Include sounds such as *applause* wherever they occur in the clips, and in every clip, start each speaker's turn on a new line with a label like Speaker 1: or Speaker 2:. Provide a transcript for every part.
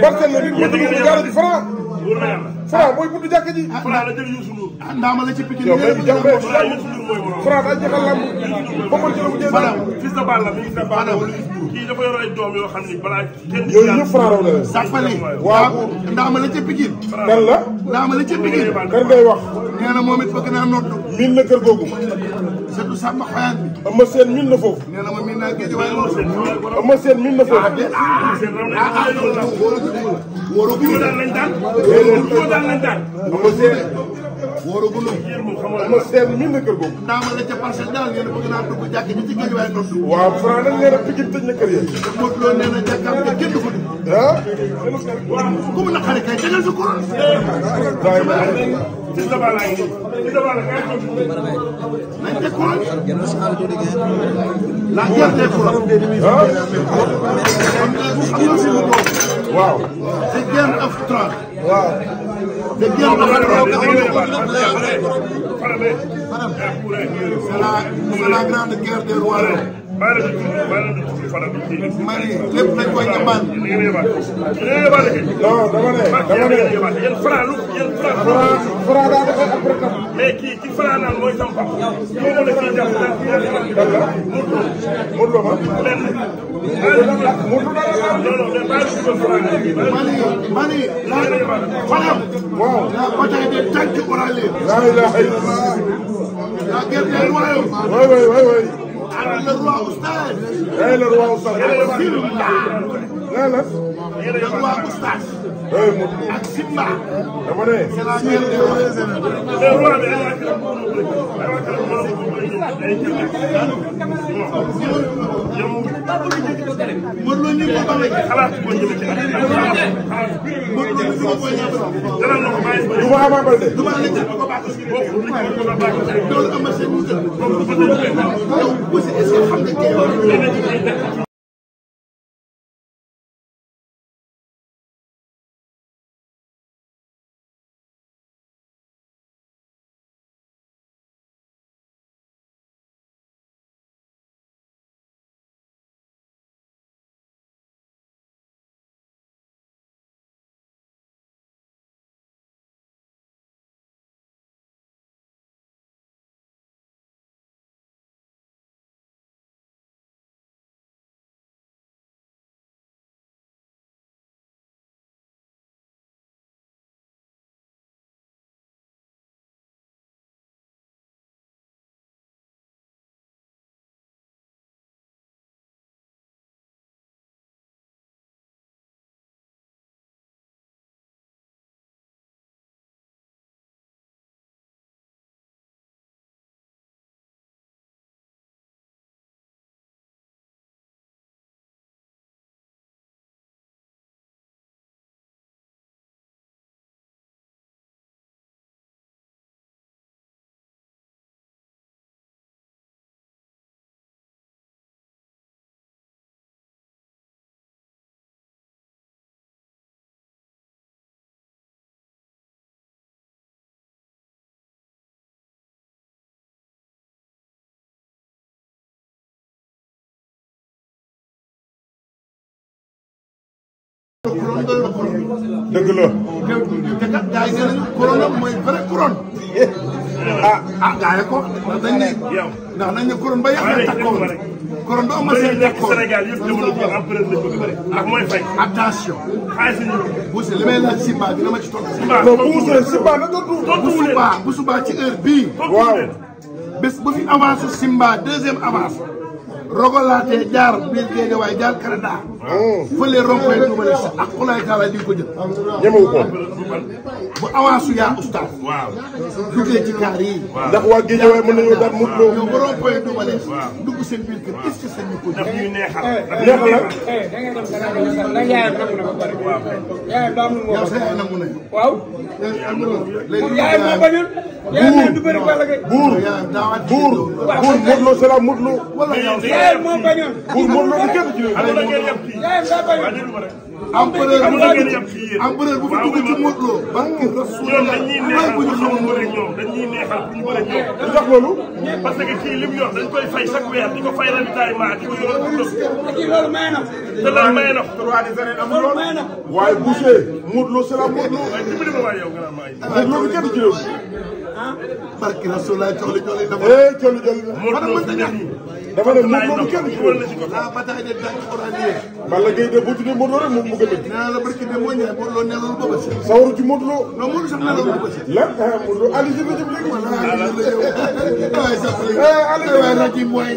Speaker 1: barke na bi buntu bi garab bi franc franc mooy buntu jàkk ji franc la jël Youssou Ndour ah ndaama la ci pikin. yow a yow mais Franc daal jeexal lamb. ba mu jëloon mu jël maanaam fils de Balla mi ngi ne Balla kii dafa yor ay ni balaa na leen. sàppali waaw ndaama la ci pikin. kan la ndaama la ci pikin. kan ngay wax. nee na moom it bëgg naa noddu. miin bi. am na seen miin na foofu. nee na ma miin naa géej waaye loolu. wóoragul ma a ñun na kër googu. ndaama la ca parcelle daal ngeen bëgg naa dugg jàkk a ci géej waaye dootul. waaw Franc nag nee na pikin tëj na kër yéen. te nga kenn du ko dugg. ah. ku si lu ah? waaw. c'est waaw. C'est la, la grande guerre des rois. lépp dañ koy yebaan. non dama ne dama ne. yéen Fra lu yéen Fra. Fra daa def ak programme. mais kii ci Fra naan mooy sama papa. moom la ciy jàpp naan mu mani mani la falam waaw la bataille des tanks orale la ilaha illallah la guerre des royaumes oui oui oui le roi oustaz. le roi oustaz. le roi oustaz. ak Simba. dama ne. Modou Lo dëgg la. te kat gars yi nee nañu ah. Ah, ko ndax dañ ne ndax dañ ne couronne ba yàq takkoon couronne ba amal seen takkoon Sénégal yëpp jamono bi empereur lañ bëgg bëri ndax mooy fay. attention. xaalis ñu Bousse li may laaj Simba dina ma ci toog. Simba non subaa ci heure bii. bu fi avance Simba deuxième avance. rogolaatee jaar biir Guédiawaye jaar Canada. fële rond-point Touba Lees ak xulaay taala di nga ko jël. ñemewu ko. bu avance yaa oustaz. waaw duggee ci kaar yi. ndax waa géej waaye mën nañoo daal mut loo. yow bu rond-point Touba Lees. dugg seen biir kër est-ce que sañ ñu ko. daf ñuy neexal. Eh, neexal la. Eh, da yaayam nangu na ba pare. yaayam daa amul moo yow sa yaay nangu nañu. waaw. yaayam moo bañul. yaayam du bëri Balla Gaye. buur buur buur Modou Lo c'est la Modou Lo. wala yow yaayam moo bañul. buur empereur bu dugg empereur bu fa dugg ci Modou Lo. barke Rasulullah waaye bu ñu xamoon mooy ñoom dañuy neexal bu ñu bëri ñoom. lu tax loolu. parce que kii lim yor dañ koy fay chaque weer di ko fay ravitaillement di ko yoroon pour dëkk. kii loolu may na. te loolu may na. trois des années amul loolu may na. waaye Boucher Modou Lo c'est la Modou Lo. waaye dimbali ma waay yow nga naan maa ngi. Ah, waaye loolu kenn ci yow. ah. barke Rasulullah cox li cox li dafa. eh cox li cox li. Modou Lo fi nekk dafa ne Modou Lo kenn ci wàllu la bataille des dàq Qur'aniyya. Balla Gaye de boo tuddee Modou Lo rek moom mu gën a. nee naa la barki de moo ñëwee Modou Lo nelawul booba si. sawaru ci Modou Lo. non Modou sax nelawul booba si. lan ah Modou Lo Aliou jërëjëf léegi. voilà Aliou jërëjëf. waaye sax léegi. Aliou waaye rajo yi mooy.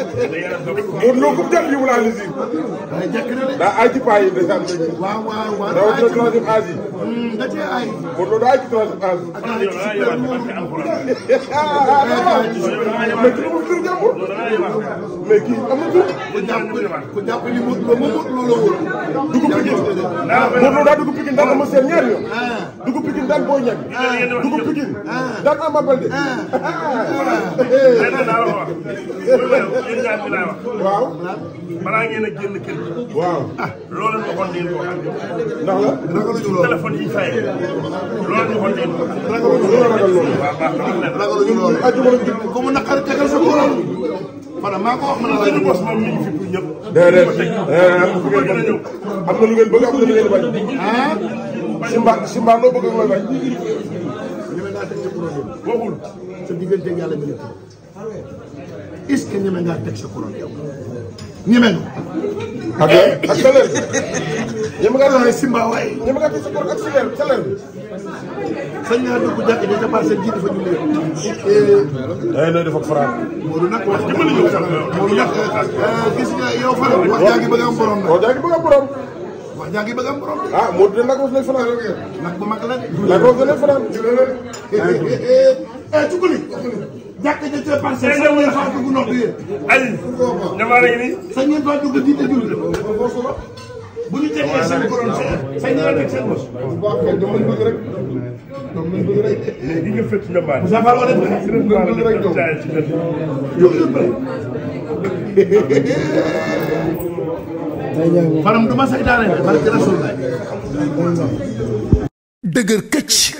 Speaker 1: Modou Lo ku mu jàll yóbbu laa li si. daa aay ci paa yi de sax. waaw waaw waaw daa aay ci troisième hmm, âge yi. da cee aay. Modou Lo daa aay ci troisième âge. ak *laughs* ah, ah, ah. aay ci super moom. mais kii amul tur jàpp. mais kii am na ku jàpp ku jàpp li Modou Lo moom Modou Lo la woon. dugub Pikine. Modou Lo daa dugub Pikine daan Eumeu Sène ñaari yoon. dugub Pikine daan Boy Niang. dugub Pikine *laughs* *laughs* yéen ñaar bi laa wax. waaw. balaa ngeen a génn kër gi. waaw ah loolu la ñu waxoon dégg nga. ndax la naka la ñu lool téléphone yi fay. loolu la ñu waxoon dégg nga. naka la ñu lool waaw baax na. naka la ñu lool ajuma ku mu naqari tegal sa kóoram. maanaam maa ko wax ma ne laay bos moom mi ngi fi pour ñëpp. déedéet eh, am na lu ngeen bëgg am na lu ngeen bañ. Ah? Simba Simba loo bëgg ak looy bañ. waxul. sa diggante yàlla mi est-ce que ñeme ngaa teg a couronne yow ñeme na. ak ak salaire bi. ñeme ngaa doon sa couronne ak salaire bi salaire bi. sañ naa dugg jàkk bi dafa seen ji dafa jullee.
Speaker 2: day lay def ak Franc.
Speaker 1: Modou nag wax dëgg la Modou nag gis nga yow Fara wax jaa ngi bëgg am wax jaa ngi bëgg am wax jaa ngi bëgg am borom. ah Modou de wax lay fanaan. nag bu mag la de. wax lay fanaan. eh jàkka ja ca parce que sax ngeen faa dugg noppi yéen. Aliou. damaa rëy nii. sax ngeen faa dugg diite julli. bu ñu tegee seen borom seen sañ na la teg seen bos. waaw kay ñoom lañ bëgg rek. ñoom lañ bëgg rek. léegi nga fekk nga baal. Moussa Fall wala dëgg la. dëgg la dëgg rek ñoom. yow yow bëri.
Speaker 2: maanaam du ma say daaneel. barke Rasul laay. dëgër këcc.